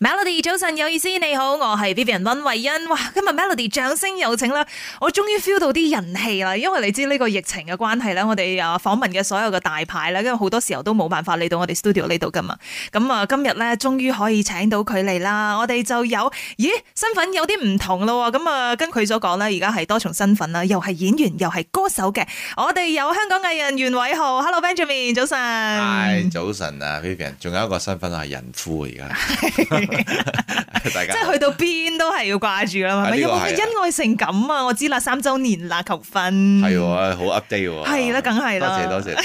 Melody 早晨，有意思你好，我係 Vivian 溫慧欣，哇，今日 Melody 掌聲有請啦，我終於 feel 到啲人氣啦，因為你知呢個疫情嘅關係咧，我哋啊訪問嘅所有嘅大牌咧，因為好多時候都冇辦法嚟到我哋 studio 呢度噶嘛，咁啊今日咧終於可以請到佢嚟啦，我哋就有咦身份有啲唔同咯，咁啊跟佢所講啦，而家係多重身份啦，又係演員，又係歌手嘅，我哋有香港藝人袁偉豪，Hello Benjamin 早晨，係、哎、早晨啊 Vivian，仲有一個身份係人夫。而家。 大家 即係去到邊都係要掛住啦，係咪 是有冇咩恩愛情感啊？我知啦， 三周年啦，求婚係喎 啊，好 update 喎、啊，係啦、 啊，梗係啦，多謝多謝。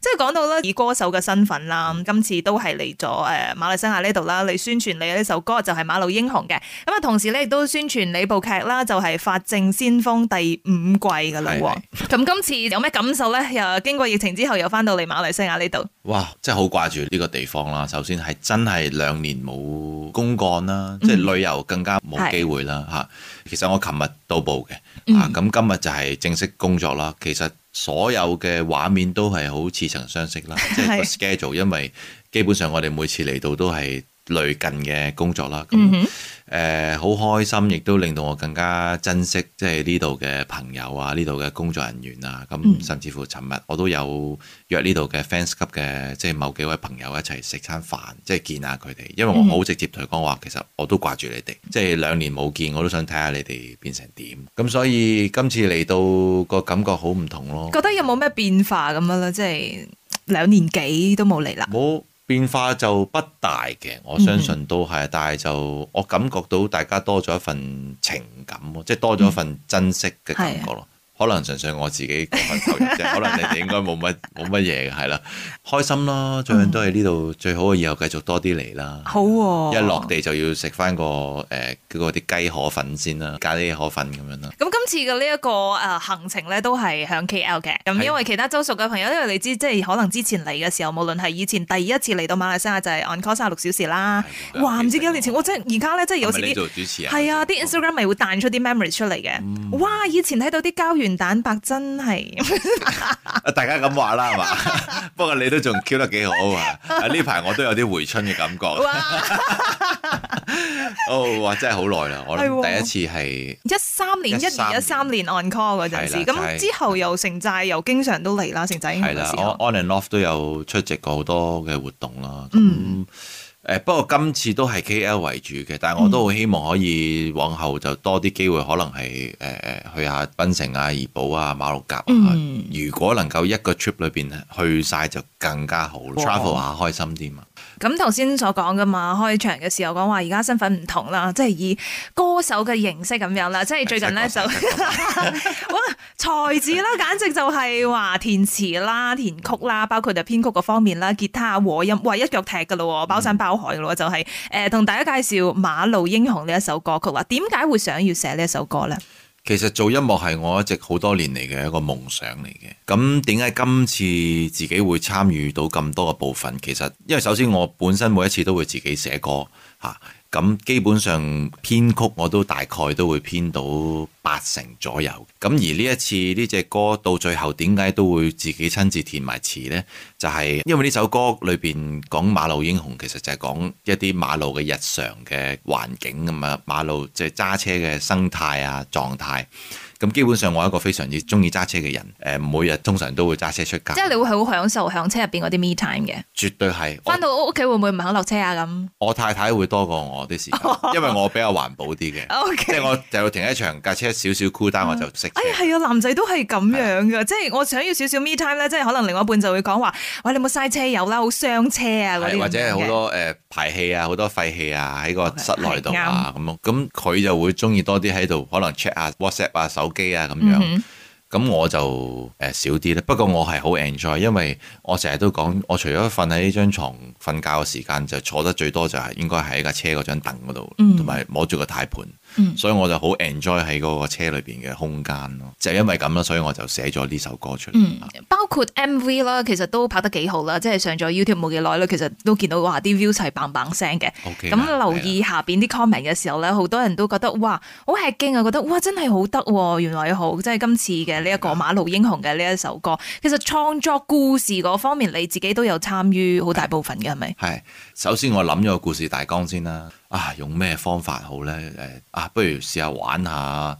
即係講到啦，以歌手嘅身份啦，今次都係嚟咗誒馬來西亞呢度啦，嚟宣傳你嘅呢首歌就係《馬路英雄》嘅。咁啊，同時咧亦都宣傳你部劇啦，就係《法證先鋒》第五季嘅女王。咁 今次有咩感受咧？又經過疫情之後，又翻到嚟馬，馬來西亞呢度。哇！真係好掛住呢個地方啦。首先係真係兩年冇公幹啦，嗯、即係旅遊更加冇機會啦嚇。是其實我琴日到埗嘅，嗯、啊咁今日就係正式工作啦。其實所有嘅畫面都係好似曾相識啦，即係是 schedule，因為基本上我哋每次嚟到都係。最近嘅工作啦，咁誒好開心，亦都令到我更加珍惜即係呢度嘅朋友啊，呢度嘅工作人員啊，咁、mm hmm. 甚至乎尋日我都有約呢度嘅 fans 級嘅即係某幾位朋友一齊食餐飯，即係見下佢哋。因為我好直接同佢講話，mm hmm. 其實我都掛住你哋，即係兩年冇見，我都想睇下你哋變成點。咁所以今次嚟到個感覺好唔同咯。覺得有冇咩變化咁樣咧？即係兩年幾都冇嚟啦。冇。變化就不大嘅，我相信都係，嗯、但係就我感覺到大家多咗一份情感，嗯、即係多咗一份珍惜嘅感覺咯。嗯可能純粹我自己個人可能你哋應該冇乜冇乜嘢嘅，係啦，開心咯，最緊都係呢度最好，以後繼續多啲嚟啦。好喎，一落地就要食翻個誒啲雞河粉先啦，咖喱河粉咁樣啦。咁今次嘅呢一個誒行程咧，都係向 K L 嘅。咁因為其他州屬嘅朋友，因為你知，即係可能之前嚟嘅時候，無論係以前第一次嚟到馬來西亞就係 on call 三十六小時啦，哇！唔知幾年前我真係而家咧真係有時你做主持啊，係啊，啲 Instagram 咪會彈出啲 memory 出嚟嘅，哇！以前睇到啲膠原蛋白真係，大家咁話啦係嘛？不過你都仲 Q 得幾好啊！呢排我都有啲回春嘅感覺。哦，哇，真係好耐啦！我第一次係一三年，一年、一三年 on call 嗰陣時，咁之後又城寨又經常都嚟啦，城寨係啦，on and off 都有出席過好多嘅活動啦。嗯。誒不過今次都係 KL 為主嘅，但係我都好希望可以往後就多啲機會，嗯、可能係誒、呃、去下檳城啊、怡保啊、馬六甲啊。如果能夠一個 trip 裏邊去曬就更加好囉，travel 哇下開心啲嘛。咁頭先所講噶嘛，開場嘅時候講話而家身份唔同啦，即係以歌手嘅形式咁樣啦，是即係最近呢首，哇 才子啦，簡直就係、是、話填詞啦、填曲啦，包括就編曲嗰方面啦、吉他和音，哇一腳踢噶咯，包山包海噶咯，就係誒同大家介紹《馬路英雄》呢一首歌曲啦。點解會想要寫呢一首歌呢？其實做音樂係我一直好多年嚟嘅一個夢想嚟嘅。咁點解今次自己會參與到咁多嘅部分？其實因為首先我本身每一次都會自己寫歌。嚇，咁、啊、基本上編曲我都大概都會編到八成左右。咁而呢一次呢隻歌到最後點解都會自己親自填埋詞呢？就係、是、因為呢首歌裏邊講馬路英雄，其實就係講一啲馬路嘅日常嘅環境咁啊，馬路即係揸車嘅生態啊、狀態。咁基本上我係一個非常之中意揸車嘅人，誒每日通常都會揸車出街。即係你會好享受喺車入邊嗰啲 me time 嘅？絕對係。翻到屋企會唔會唔肯落車啊？咁我太太會多過我啲時因為我比較環保啲嘅。即係我就停一場架車少少 cool down 我就識，哎呀係啊，男仔都係咁樣嘅，即係我想要少少 me time 咧，即係可能另外一半就會講話，喂你冇嘥車油啦，好傷車啊嗰啲。或者好多誒排氣啊，好多廢氣啊喺個室內度啊咁咯，咁佢就會中意多啲喺度，可能 check 下 WhatsApp 啊手機啊咁樣，咁我就誒少啲咧。不過我係好 enjoy，因為我成日都講，我除咗瞓喺呢張床瞓覺嘅時間，就坐得最多就係應該喺架車嗰張凳嗰度，同埋摸住個軚盤。所以我就好 enjoy 喺嗰個車裏邊嘅空間咯，就是，因為咁啦，所以我就寫咗呢首歌出嚟，嗯。包括 M V 啦，其實都拍得幾好啦，即係上咗 YouTube 冇幾耐咧，其實都見到哇啲 views 係棒 a n 聲嘅。咁，okay 的嗯，留意下邊啲 comment 嘅時候咧，好的多人都覺得哇好吃勁啊，覺得哇真係好得，哦，原來好即係今次嘅呢一個馬路英雄嘅呢一首歌。其實創作故事嗰方面，你自己都有參與好大部分嘅，係咪？係的，首先我諗咗個故事大綱先啦。啊，用咩方法好咧？誒。啊、不如試下玩下、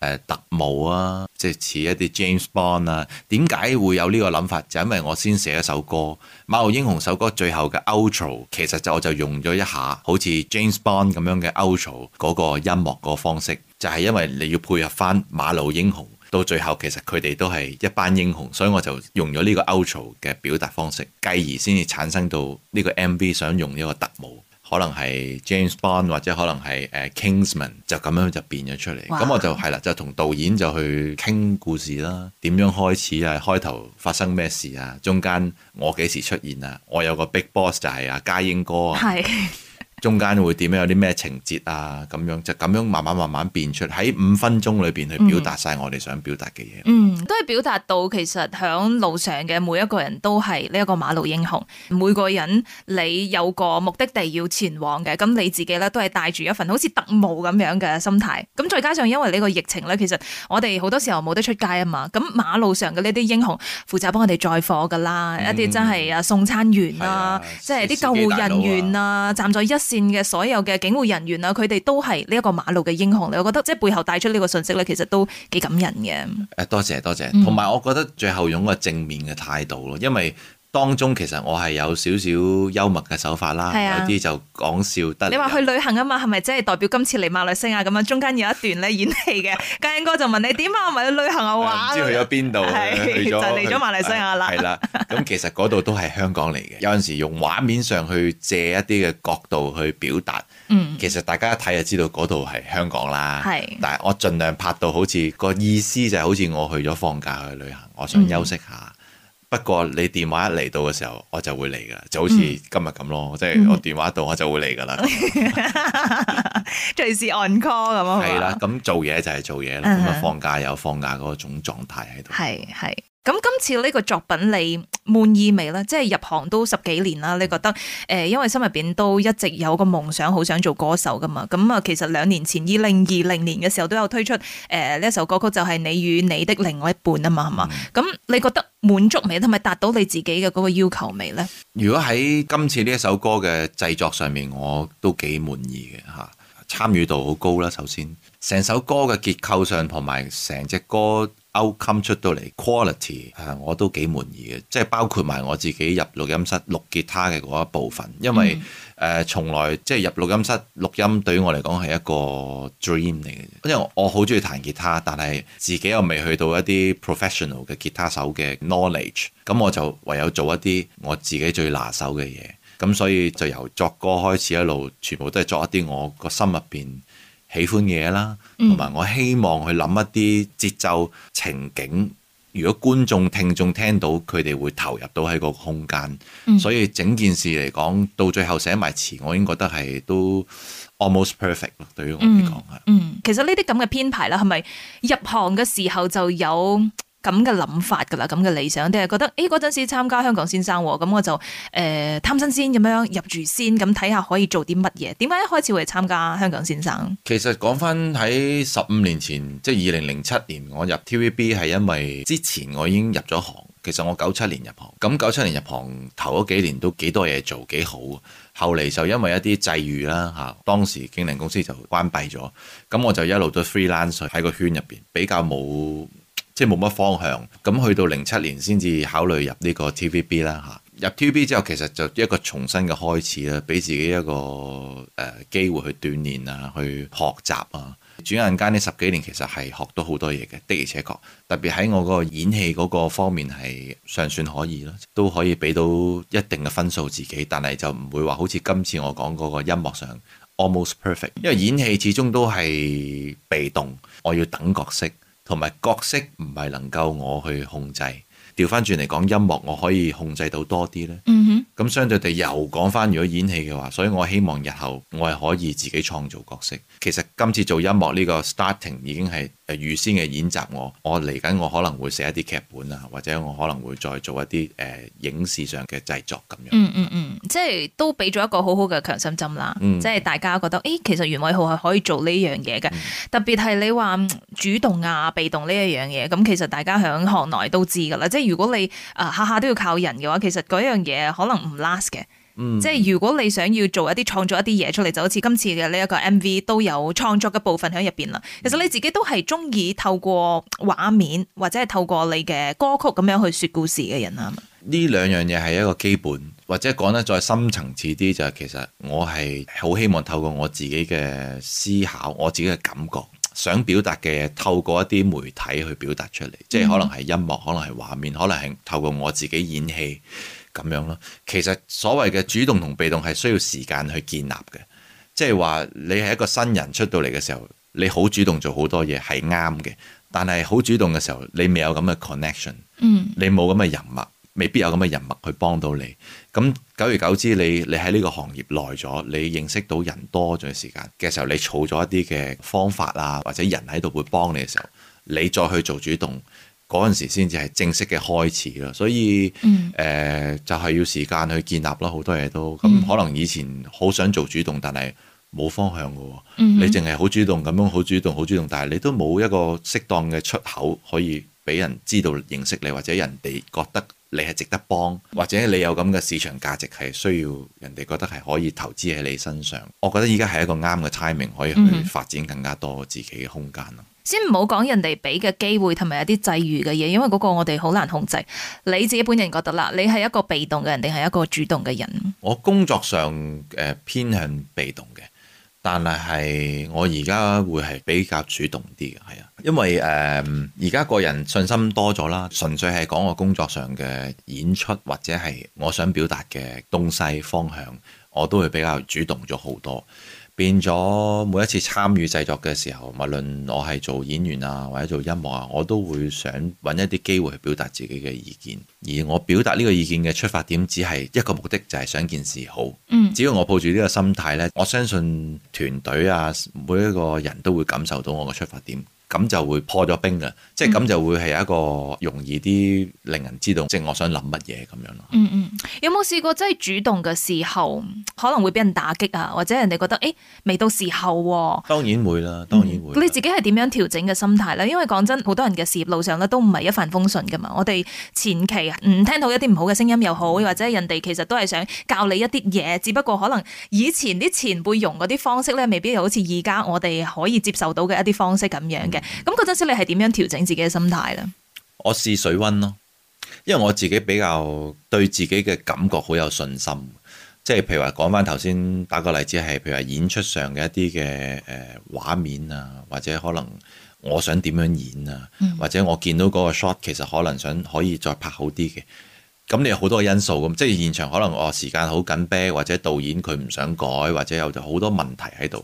呃、特務啊，即係似一啲 James Bond 啊？點解會有呢個諗法？就因為我先寫一首歌《馬路英雄》，首歌最後嘅 outro 其實就我就用咗一下好似 James Bond 咁樣嘅 outro 嗰個音樂個方式，就係、是、因為你要配合翻《馬路英雄》到最後，其實佢哋都係一班英雄，所以我就用咗呢個 outro 嘅表達方式，繼而先至產生到呢個 MV 想用一個特務。可能係 James Bond 或者可能係誒 Kingsman 就咁樣就變咗出嚟，咁哇 我就係啦，就同導演就去傾故事啦，點樣開始啊，開頭發生咩事啊，中間我幾時出現啊，我有個 big boss 就係阿嘉英哥啊。中間會點樣？有啲咩情節啊？咁樣就咁樣慢慢慢慢變出喺，五分鐘裏邊去表達晒我哋想表達嘅嘢。嗯，都係表達到其實響路上嘅每一個人都係呢一個馬路英雄。每個人你有個目的地要前往嘅，咁你自己呢都係帶住一份好似特務咁樣嘅心態。咁再加上因為呢個疫情呢，其實我哋好多時候冇得出街啊嘛。咁馬路上嘅呢啲英雄負責幫我哋載貨噶啦，嗯、一啲真係啊送餐員啊，啊即係啲救護人員啊，啊站在一。線嘅所有嘅警務人員啦，佢哋都係呢一個馬路嘅英雄，你我覺得即係背後帶出呢個信息咧，其實都幾感人嘅。誒，多謝多謝，同埋我覺得最後用個正面嘅態度咯，因為，當中其實我係有少少幽默嘅手法啦，啊、有啲就講笑得。你話去旅行啊嘛，係咪即係代表今次嚟馬來西亞咁樣？中間有一段咧演戲嘅，家 英哥就問你點啊？唔係去旅行啊？玩、啊？唔知去咗邊度？是了就嚟咗馬來西亞啦。係啦，咁、啊啊、 其實嗰度都係香港嚟嘅。有陣時用畫面上去借一啲嘅角度去表達，嗯、其實大家一睇就知道嗰度係香港啦。是但係我盡量拍到好似、嗰個意思就係好似我去咗放假去旅行，我想休息下。嗯。不過你電話一嚟到嘅時候，我就會嚟噶，就好似今日咁咯。嗯、即係我電話一到，我就會嚟噶啦，隨時 on call 咁啊。係啦，咁做嘢就係做嘢啦，咁啊、uh huh. 放假有放假嗰種狀態喺度。係係。咁今次呢個作品你滿意未呢？即係入行都十幾年啦，你覺得誒、呃，因為心入邊都一直有個夢想，好想做歌手噶嘛。咁啊，其實兩年前二零二零年嘅時候都有推出誒呢、呃、首歌曲，就是，就係你與你的另外一半啊嘛，係嘛、嗯。咁你覺得滿足未？同埋達到你自己嘅嗰個要求未呢？如果喺今次呢一首歌嘅製作上面，我都幾滿意嘅吓，參與度好高啦。首先，成首歌嘅結構上，同埋成隻歌。Outcome 出到嚟 quality 係我都幾滿意嘅，即係包括埋我自己入錄音室錄吉他嘅嗰一部分。因為誒、mm. 呃、從來即係入錄音室錄音對於我嚟講係一個 dream 嚟嘅，因為我好中意彈吉他，但係自己又未去到一啲 professional 嘅吉他手嘅 knowledge，咁我就唯有做一啲我自己最拿手嘅嘢，咁所以就由作歌開始一路，全部都係作一啲我個心入邊。喜歡嘢啦，同埋我希望去諗一啲節奏情景。如果觀眾、聽眾聽到佢哋會投入到喺個空間，嗯、所以整件事嚟講，到最後寫埋詞，我已經覺得係都 almost perfect 咯。對於我嚟講係，嗯，其實呢啲咁嘅編排啦，係咪入行嘅時候就有？咁嘅諗法㗎啦，咁嘅理想，定係覺得，誒嗰陣時參加香港先生喎，咁、嗯、我就誒、呃、貪新鮮咁樣入住先，咁睇下可以做啲乜嘢？點解一開始會參加香港先生？其實講返喺十五年前，即係二零零七年，我入 TVB 係因為之前我已經入咗行。其實我九七年入行，咁九七年入行頭嗰幾年都幾多嘢做，幾好。後嚟就因為一啲際遇啦，嚇，當時經理人公司就關閉咗，咁我就一路都 freelancer 喺個圈入邊，比較冇。即係冇乜方向，咁去到零七年先至考慮入呢個 TVB 啦嚇。入 TVB 之後，其實就一個重新嘅開始啦，俾自己一個誒、呃、機會去鍛鍊啊，去學習啊。轉眼間呢十幾年，其實係學到好多嘢嘅，的而且確特別喺我個演戲嗰個方面係尚算可以咯，都可以俾到一定嘅分數自己，但係就唔會話好似今次我講嗰個音樂上 almost perfect，因為演戲始終都係被動，我要等角色。同埋角色唔係能夠我去控制，調翻轉嚟講，音樂我可以控制到多啲呢。咁、mm hmm. 相對地又講翻，如果演戲嘅話，所以我希望日後我係可以自己創造角色。其實今次做音樂呢個 starting 已經係。誒預先嘅演習我，我我嚟緊，我可能會寫一啲劇本啊，或者我可能會再做一啲誒、呃、影視上嘅製作咁樣。嗯嗯嗯，即係都俾咗一個好好嘅強心針啦。嗯、即係大家覺得，誒、哎、其實袁偉豪係可以做呢樣嘢嘅，嗯、特別係你話主動啊、被動呢一樣嘢，咁其實大家喺行內都知㗎啦。即係如果你啊下下都要靠人嘅話，其實嗰樣嘢可能唔 last 嘅。即係如果你想要做一啲創作一啲嘢出嚟，就好似今次嘅呢一個 MV 都有創作嘅部分喺入邊啦。其實你自己都係中意透過畫面或者係透過你嘅歌曲咁樣去說故事嘅人啊。呢兩樣嘢係一個基本，或者講得再深層次啲，就係其實我係好希望透過我自己嘅思考，我自己嘅感覺，想表達嘅透過一啲媒體去表達出嚟，即係可能係音樂，可能係畫面，可能係透過我自己演戲。咁樣咯，其實所謂嘅主動同被動係需要時間去建立嘅，即係話你係一個新人出到嚟嘅時候，你好主動做好多嘢係啱嘅，但係好主動嘅時候，你未有咁嘅 connection，你冇咁嘅人脈，未必有咁嘅人脈去幫到你。咁久而久之，你你喺呢個行業耐咗，你認識到人多咗，有時間嘅時候，你儲咗一啲嘅方法啊，或者人喺度會幫你嘅時候，你再去做主動。嗰陣時先至係正式嘅開始咯，所以誒、嗯呃、就係、是、要時間去建立咯，好多嘢都咁，可能以前好想做主動，但係冇方向嘅喎，嗯哼，你淨係好主動咁樣好主動好主動，但係你都冇一個適當嘅出口可以俾人知道認識你，或者人哋覺得你係值得幫，或者你有咁嘅市場價值係需要人哋覺得係可以投資喺你身上。我覺得依家係一個啱嘅 timing，可以去發展更加多自己嘅空間咯。嗯。先唔好講人哋俾嘅機會同埋一啲際遇嘅嘢，因為嗰個我哋好難控制。你自己本人覺得啦，你係一個被動嘅人定係一個主動嘅人？我工作上誒、呃、偏向被動嘅，但係係我而家會係比較主動啲嘅。係啊，因為誒而家個人信心多咗啦。純粹係講我工作上嘅演出或者係我想表達嘅東西方向，我都會比較主動咗好多。變咗每一次參與製作嘅時候，無論我係做演員啊，或者做音樂啊，我都會想揾一啲機會去表達自己嘅意見。而我表達呢個意見嘅出發點，只係一個目的，就係想件事好。只要我抱住呢個心態呢，我相信團隊啊，每一個人都會感受到我嘅出發點。咁就會破咗冰㗎，即係咁就會係一個容易啲令人知道即係我想諗乜嘢咁樣咯。嗯嗯，有冇試過即係主動嘅時候可能會俾人打擊啊，或者人哋覺得誒、欸、未到時候喎，啊。當然會啦，當然會。你自己係點樣調整嘅心態咧？因為講真，好多人嘅事業路上咧都唔係一帆風順㗎嘛。我哋前期唔聽到一啲唔好嘅聲音又好，或者人哋其實都係想教你一啲嘢，只不過可能以前啲前輩用嗰啲方式咧，未必好似而家我哋可以接受到嘅一啲方式咁樣。咁嗰陣時你係點樣調整自己嘅心態呢？我試水温咯，因為我自己比較對自己嘅感覺好有信心。即係譬如話講翻頭先打個例子，係譬如話演出上嘅一啲嘅誒畫面啊，或者可能我想點樣演啊，嗯、或者我見到嗰個 shot 其實可能想可以再拍好啲嘅。咁你有好多因素咁，即係現場可能我時間好緊逼，或者導演佢唔想改，或者有好多問題喺度。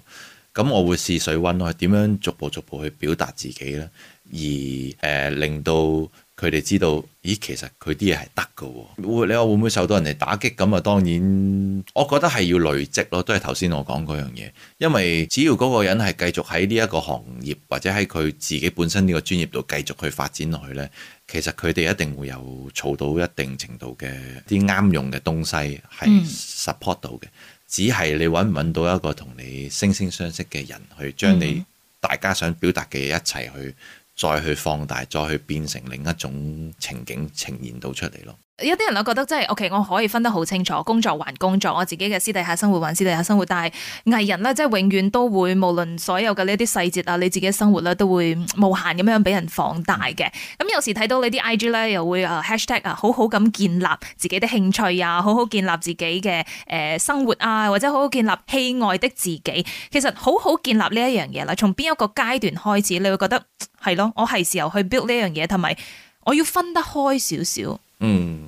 咁我會試水溫咯，點樣逐步逐步去表達自己呢？而誒、呃、令到佢哋知道，咦，其實佢啲嘢係得㗎喎。會你話會唔會受到人哋打擊？咁啊，當然，我覺得係要累積咯，都係頭先我講嗰樣嘢。因為只要嗰個人係繼續喺呢一個行業或者喺佢自己本身呢個專業度繼續去發展落去呢，其實佢哋一定會有儲到一定程度嘅啲啱用嘅東西係 support 到嘅。嗯只係你揾唔揾到一個同你惺惺相惜嘅人，去將你大家想表達嘅嘢一齊去，再去放大，再去變成另一種情景呈現到出嚟咯。有啲人咧覺得真係，OK，我可以分得好清楚，工作還工作，我自己嘅私底下生活還私底下生活。但係藝人咧，即係永遠都會，無論所有嘅呢啲細節啊，你自己嘅生活咧，都會無限咁樣俾人放大嘅。咁、嗯嗯、有時睇到你啲 IG 咧，又會啊 hashtag 啊，好好咁建立自己的興趣啊，好好建立自己嘅誒生活啊，或者好好建立戲外的自己。其實好好建立呢一樣嘢啦，從邊一個階段開始，你會覺得係咯，我係時候去 build 呢樣嘢，同埋我要分得開少少。嗯，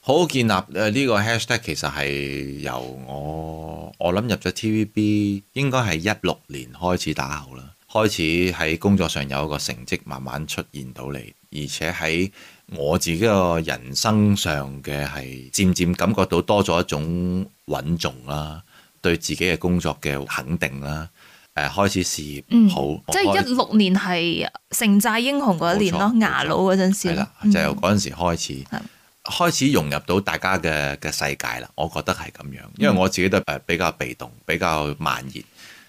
好，好建立誒呢、這個 hashtag 其實係由我我諗入咗 TVB 應該係一六年開始打後啦，開始喺工作上有一個成績慢慢出現到嚟，而且喺我自己個人生上嘅係漸漸感覺到多咗一種穩重啦，對自己嘅工作嘅肯定啦。誒，開始事業好，即係一六年係城寨英雄嗰一年咯，錯牙佬嗰陣時係啦，了嗯、就由嗰陣時開始的開始融入到大家嘅嘅世界啦。我覺得係咁樣，因為我自己都比較被動，比較慢熱。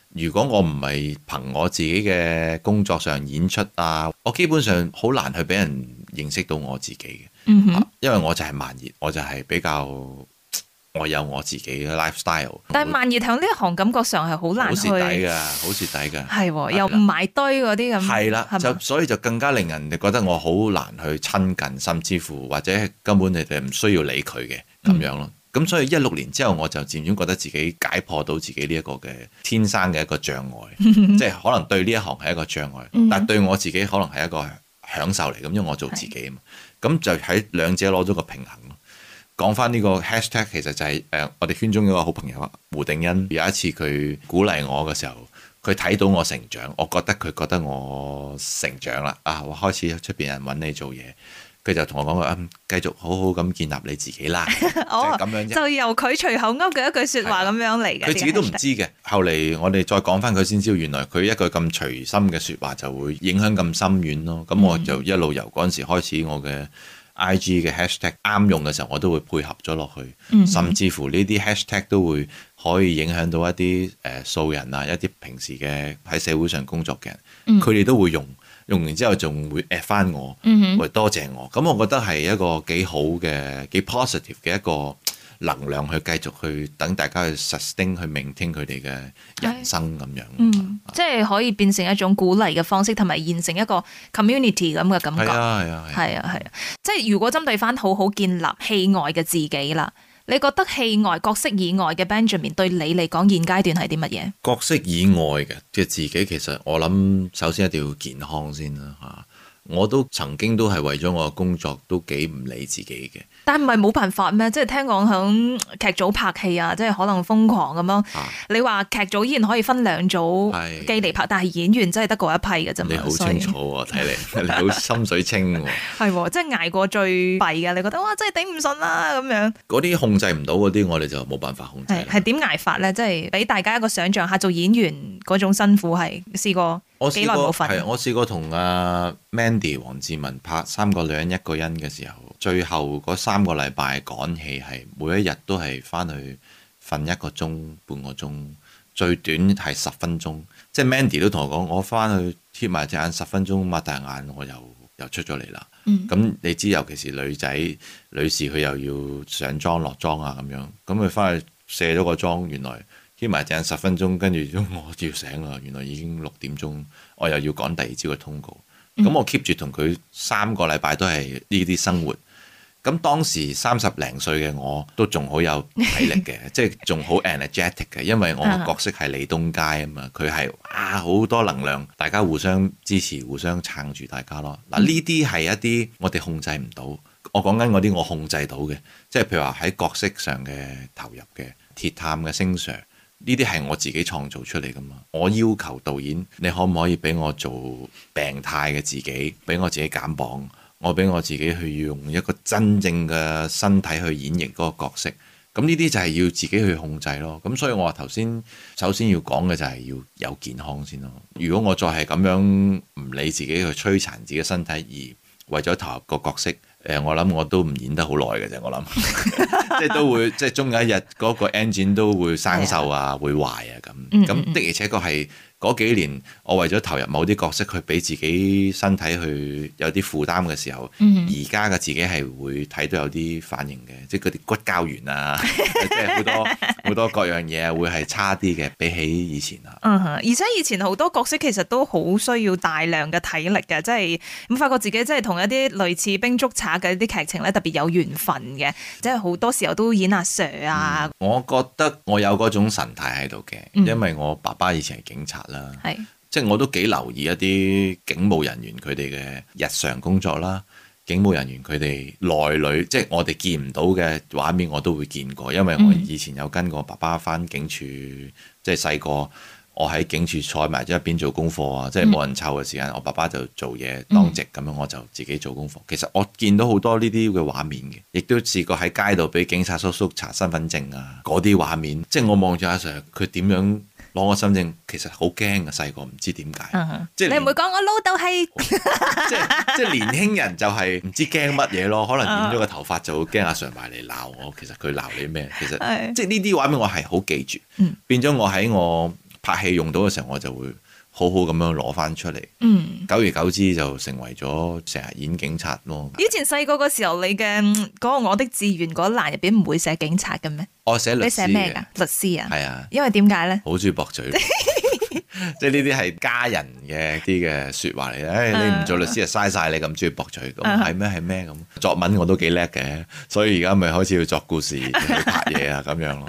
如果我唔係憑我自己嘅工作上演出啊，我基本上好難去俾人認識到我自己嘅，嗯、哼因為我就係慢熱，我就係比較。我有我自己嘅 lifestyle，但係慢熱喺呢一行感覺上係好難。好蝕底㗎，好蝕底㗎。係了又唔埋堆嗰啲咁。係啦吧，就所以就更加令人覺得我好難去親近，甚至乎或者根本你哋唔需要理佢嘅咁樣咯。咁、嗯嗯、所以一六年之後，我就漸漸覺得自己解破到自己呢一個嘅天生嘅一個障礙，即係、嗯、哼可能對呢一行係一個障礙，嗯、哼但係對我自己可能係一個享受嚟，咁因為我做自己啊嘛。咁、嗯嗯、就喺兩者攞咗個平衡。講翻呢個 hashtag 其實就係、是、誒、呃、我哋圈中有一個好朋友啊，胡定欣有一次佢鼓勵我嘅時候，佢睇到我成長，我覺得佢覺得我成長啦啊！我開始出邊人揾你做嘢，佢就同我講話啊，繼續好好咁建立你自己啦， 哦、就咁樣就由佢隨口噏嘅一句説話咁、啊、樣嚟嘅，佢自己都唔知嘅。後嚟我哋再講翻佢先知，原來佢一句咁隨心嘅説話就會影響咁深遠咯。咁我就一路由嗰陣時開始我嘅。嗯 IG 嘅 hashtag 啱用嘅時候，我都會配合咗落去，mm hmm。甚至乎呢啲 hashtag 都會可以影響到一啲誒素人啊，一啲平時嘅喺社會上工作嘅人，佢哋、mm hmm。都會用，用完之後仲會 at 翻我，會、mm hmm。多謝我，咁我覺得係一個幾好嘅幾 positive 嘅一個。能量去繼續去等大家去實踐去聆聽佢哋嘅人生咁樣，嗯，啊、即係可以變成一種鼓勵嘅方式，同埋形成一個 community 咁嘅感覺。係啊係啊係啊即係如果針對翻好好建立戲外嘅自己啦，你覺得戲外角色以外嘅 Benjamin 對你嚟講現階段係啲乜嘢？角色以外嘅即係自己其實我諗首先一定要健康先啦嚇、啊。我都曾經都係為咗我嘅工作都幾唔理自己嘅。但係唔係冇辦法咩？即係聽講響劇組拍戲啊，即係可能瘋狂咁咯。啊、你話劇組依然可以分兩組機嚟拍，的但係演員真係得嗰一批嘅啫、啊。 你好清楚喎，睇你你好心水清喎、啊。係喎，即係捱過最弊㗎。你覺得哇，真係頂唔順啦咁樣。嗰啲控制唔到嗰啲，我哋就冇辦法控制。係係點捱法咧？即係俾大家一個想像下，做演員嗰種辛苦係試過幾耐冇瞓。我試過同阿 Mandy 王志文拍三個,三個女人一個人嘅時候，最後三。三個禮拜趕戲係，每一日都係翻去瞓一個鐘半個鐘，最短係十分鐘。即係 Mandy 都同我講，我翻去貼埋隻眼十分鐘，擘大眼我又又出咗嚟啦。咁、嗯、你知，尤其是女仔女士，佢又要上妝落妝啊咁樣。咁佢翻去卸咗個妝，原來貼埋隻眼十分鐘，跟住我跳醒啦。原來已經六點鐘，我又要趕第二朝嘅通告。咁、嗯、我 keep 住同佢三個禮拜都係呢啲生活。咁當時三十零歲嘅我，都仲好有體力嘅， 即係仲好 energetic 嘅，因為我個角色係李東街啊嘛，佢係哇好多能量，大家互相支持、互相撐住大家咯。嗱，呢啲係一啲我哋控制唔到，我講緊嗰啲我控制到嘅，即係譬如話喺角色上嘅投入嘅《鐵探》嘅星 Sir，呢啲係我自己創造出嚟噶嘛，我要求導演你可唔可以俾我做病態嘅自己，俾我自己減磅。我俾我自己去用一個真正嘅身體去演繹嗰個角色，咁呢啲就係要自己去控制咯。咁所以我話頭先，首先要講嘅就係要有健康先咯。如果我再係咁樣唔理自己去摧殘自己身體，而為咗投入個角色，誒，我諗我都唔演得好耐嘅啫。我諗，即係都會，即係終有一日嗰個 engine 都會生鏽啊， 會壞啊咁。咁的而且確係。嗰幾年，我為咗投入某啲角色，去俾自己身體去有啲負擔嘅時候，而家嘅自己係會睇到有啲反應嘅，即係嗰啲骨膠原啊， 即係好多好多各樣嘢會係差啲嘅，比起以前啊。而且、嗯、以前好多角色其實都好需要大量嘅體力嘅，即係咁發覺自己即係同一啲類似兵捉賊嘅一啲劇情咧，特別有緣分嘅，即係好多時候都演阿 Sir 啊。嗯、我覺得我有嗰種神態喺度嘅，因為我爸爸以前係警察。嗯啦，係，即係我都幾留意一啲警務人員佢哋嘅日常工作啦。警務人員佢哋內裏，即係我哋見唔到嘅畫面，我都會見過，因為我以前有跟過爸爸返警署，嗯、即係細個我喺警署坐埋一邊做功課啊，嗯、即係冇人湊嘅時間，我爸爸就做嘢當值咁、嗯、樣，我就自己做功課。其實我見到好多呢啲嘅畫面嘅，亦都試過喺街度俾警察叔叔查身份證啊，嗰啲畫面，即係我望住阿 Sir 佢點樣。攞我心症其實好驚嘅，細個唔知點解，即係你唔會講我老豆係，即係即係年輕人就係唔知驚乜嘢咯，可能染咗個頭髮就會驚阿 Sir 埋嚟鬧我。其實佢鬧你咩？其實、uh huh. 即係呢啲畫面我係好記住，uh huh. 變咗我喺我拍戲用到嘅時候，我就會。好好咁樣攞翻出嚟，嗯、久而久之就成為咗成日演警察咯。以前細個嘅時候，你嘅嗰個我的志願嗰欄入邊唔會寫警察嘅咩？我寫、哦、律師，你寫咩噶？律師啊，係啊，因為點解咧？好中意駁嘴， 即係呢啲係家人嘅啲嘅說話嚟咧。誒、 哎，你唔做律師啊，嘥晒你咁中意駁嘴咁，係咩、嗯？係咩咁？作文我都幾叻嘅，所以而家咪開始要作故事，要 拍嘢啊，咁樣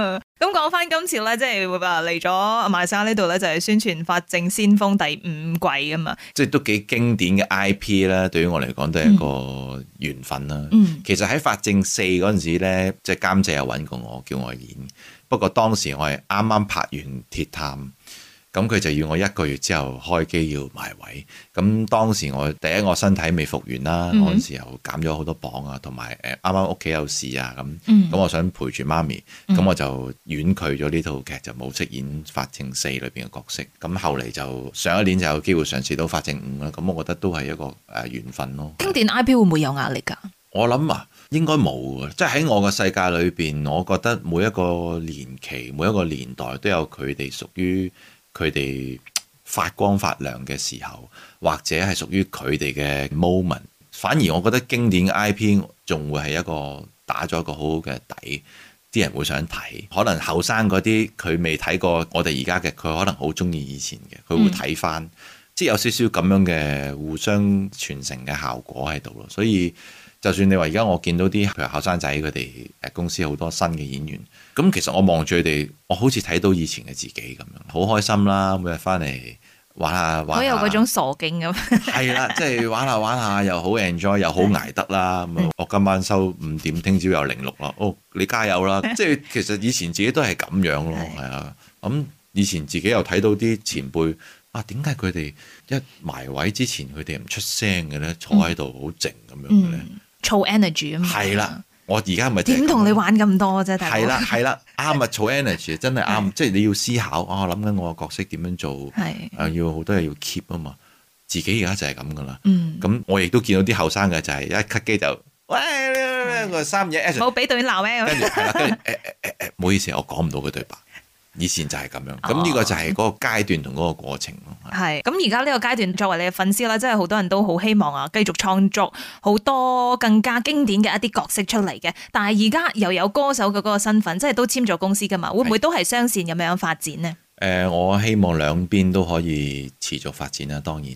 咯。 咁講翻今次咧，即係嚟咗阿馬生呢度咧，就係宣傳《法證先鋒》第五季啊嘛。即係都幾經典嘅 IP 啦，對於我嚟講都係一個緣分啦。嗯、其實喺《法證四》嗰陣時咧，即係監製又揾過我叫我演，不過當時我係啱啱拍完《鐵探》。咁佢就要我一個月之後開機要埋位，咁當時我第一我身體未復原啦，嗰陣、mm hmm. 時又減咗好多磅啊，同埋誒啱啱屋企有事啊，咁咁、mm hmm. 我想陪住媽咪，咁我就婉拒咗呢套劇，就冇飾演法證四裏邊嘅角色。咁後嚟就上一年就有機會嘗試到法證五啦，咁我覺得都係一個誒緣分咯。經典 IP 會唔會有壓力㗎？我諗啊，應該冇嘅，即係喺我嘅世界裏邊，我覺得每一個年期、每一個年代都有佢哋屬於。佢哋發光發亮嘅時候，或者係屬於佢哋嘅 moment，反而我覺得經典 IP 仲會係一個打咗一個好好嘅底，啲人會想睇。可能後生嗰啲佢未睇過我哋而家嘅，佢可能好中意以前嘅，佢會睇返。嗯有少少咁樣嘅互相傳承嘅效果喺度咯，所以就算你話而家我見到啲譬如後生仔佢哋誒，公司好多新嘅演員，咁其實我望住佢哋，我好似睇到以前嘅自己咁樣，好開心啦，每日翻嚟玩下玩下，佢有嗰種傻勁咁。係 啦，即係玩下玩下又好 enjoy，又好捱得啦。 我今晚收五點，聽朝有零六啦。哦，你加油啦！ 即係其實以前自己都係咁樣咯，係啊。咁以前自己又睇到啲前輩。啊，點解佢哋一埋位之前佢哋唔出聲嘅咧？坐喺度好靜咁樣嘅咧，燥 energy 啊嘛。係啦，我而家咪點同你玩咁多啫？大哥。係啦係啦，啱啊！燥 energy 真係啱，即係你要思考。我諗緊我個角色點樣做，係啊，要好多嘢要 keep 啊嘛。自己而家就係咁噶啦。嗯。咁我亦都見到啲後生嘅就係一 cut 機就喂個三嘢，冇俾對白。跟住係啦，跟住誒誒誒誒唔好意思，我講唔到佢對白。以前就係咁樣，咁呢、哦、個就係嗰個階段同嗰個過程咯。係，咁而家呢個階段作為你嘅粉絲啦，真係好多人都好希望啊，繼續創作好多更加經典嘅一啲角色出嚟嘅。但係而家又有歌手嘅嗰個身份，即係都簽咗公司噶嘛，會唔會都係雙線咁樣發展呢？誒，我希望兩邊都可以持續發展啦、啊，當然，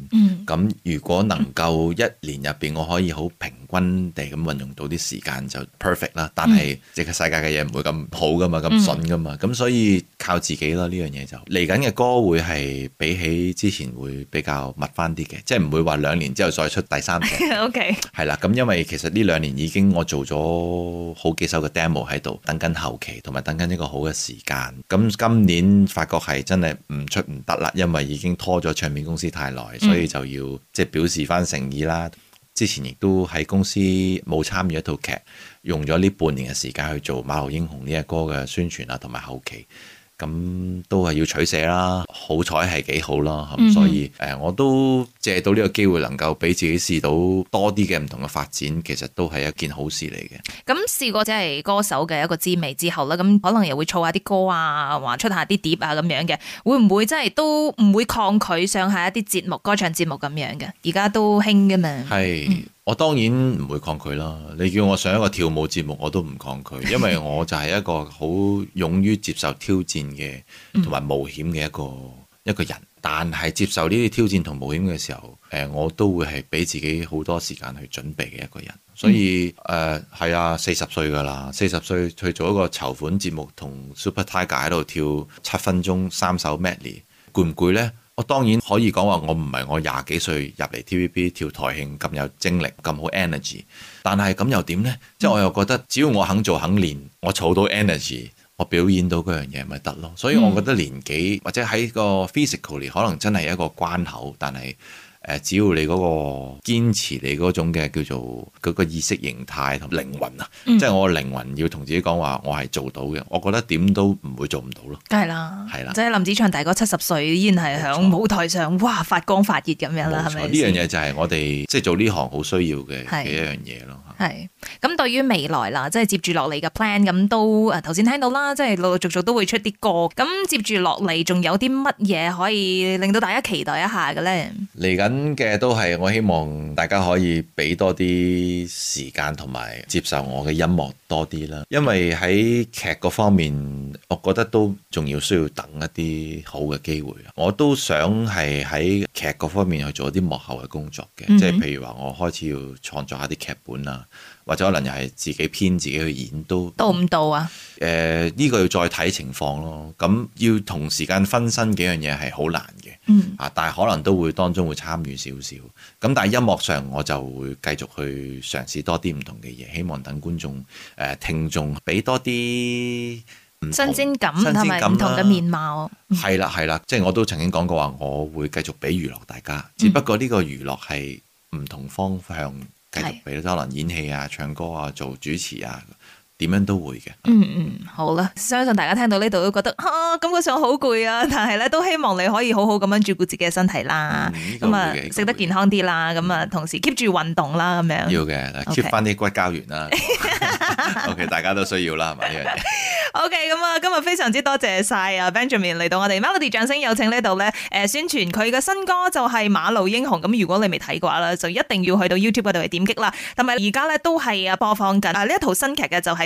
咁、嗯、如果能夠一年入邊我可以好平均地咁運用到啲時間就 perfect 啦。但係這個世界嘅嘢，唔會咁好噶嘛，咁順噶嘛，咁所以靠自己咯。呢樣嘢，就嚟緊嘅歌會係比起之前會比較密翻啲嘅，即係唔會話兩年之後再出第三集。 OK，係啦，咁因為其實呢兩年已經我做咗好幾首嘅 demo 喺度，等緊後期同埋等緊一個好嘅時間，咁今年發覺係。係真係唔出唔得啦，因為已經拖咗唱片公司太耐，所以就要即係表示翻誠意啦。之前亦都喺公司冇參與一套劇，用咗呢半年嘅時間去做《馬路英雄》呢一歌嘅宣傳啊，同埋後期。咁都係要取捨啦，好彩係幾好啦，mm hmm. 所以誒，我都借到呢個機會，能夠俾自己試到多啲嘅唔同嘅發展，其實都係一件好事嚟嘅。咁、嗯、試過即係歌手嘅一個滋味之後啦，咁可能又會做下啲歌啊，或出下啲碟啊咁樣嘅，會唔會真係都唔會抗拒上下一啲節目、歌唱節目咁樣嘅？而家都興㗎嘛。係是。嗯我當然唔會抗拒啦，你叫我上一個跳舞節目我都唔抗拒，因為我就係一個好勇於接受挑戰嘅同埋冒險嘅一個 一個人。但係接受呢啲挑戰同冒險嘅時候，誒我都會係俾自己好多時間去準備嘅一個人。所以誒係、 呃、啊，四十歲㗎啦，四十歲去做一個籌款節目同 Super Tiger 喺度跳七分鐘三首 Medley 攰唔攰呢？我當然可以講話，我唔係我廿幾歲入嚟 TVB 跳台慶咁有精力咁好 energy，但係咁又點呢？即係我又覺得，只要我肯做肯練，我儲到 energy，我表演到嗰樣嘢咪得咯。所以我覺得年紀、嗯、或者喺個 physically 可能真係一個關口，但係。誒，只要你嗰個堅持，你嗰種嘅叫做嗰個意識形態同靈魂啊，嗯、即係我靈魂要同自己講話，我係做到嘅。我覺得點都唔會做唔到咯，梗係啦，係啦的。即係林子祥大哥七十歲，依然係響舞台上，錯哇發光發熱咁樣啦，係咪錯？呢樣嘢就係我哋即係做呢行好需要嘅嘅一樣嘢咯。係的。咁的對於未來啦，即係接住落嚟嘅 plan，咁都誒頭先聽到啦，即係陸陸續續都會出啲歌。咁接住落嚟仲有啲乜嘢可以令到大家期待一下嘅咧？嚟緊。嘅都係我希望大家可以畀多啲時間同埋接受我嘅音樂。多啲啦，因為喺劇嗰方面，我覺得都仲要需要等一啲好嘅機會。我都想係喺劇嗰方面去做一啲幕後嘅工作嘅，mm hmm. 即係譬如話，我開始要創作下啲劇本啊，或者可能又係自己編自己去演都，到唔到啊？誒呢、呃這個要再睇情況咯。咁要同時間分身幾樣嘢係好難嘅，mm hmm. 啊，但係可能都會當中會參與少少。咁但係音樂上，我就會繼續去嘗試多啲唔同嘅嘢，希望等觀眾。誒、呃、聽眾俾多啲新鮮感，新鮮感、啊、同埋唔同嘅面貌，係啦係啦，即係我都曾經講過話，我會繼續俾娛樂大家，只不過呢個娛樂係唔同方向繼續俾，即係演戲啊、唱歌啊、做主持啊。點樣都會嘅，嗯嗯，好啦，相信大家聽到呢度都覺得啊，感覺上好攰啊，但係咧都希望你可以好好咁樣照顧自己嘅身體啦，咁啊食得健康啲啦，咁啊、嗯、同時 keep 住運動啦，咁樣要嘅，keep 翻啲骨膠原啦 ，OK，大家都需要啦，係嘛 ，OK，咁啊，今日非常之多謝晒啊 Benjamin 嚟到我哋 Melody 掌聲有請呢度咧，誒，宣傳佢嘅新歌就係、是《馬路英雄》，咁如果你未睇嘅話咧，就一定要去到 YouTube 度嚟點擊啦，同埋而家咧都係啊播放緊啊呢一套新劇嘅就係、是。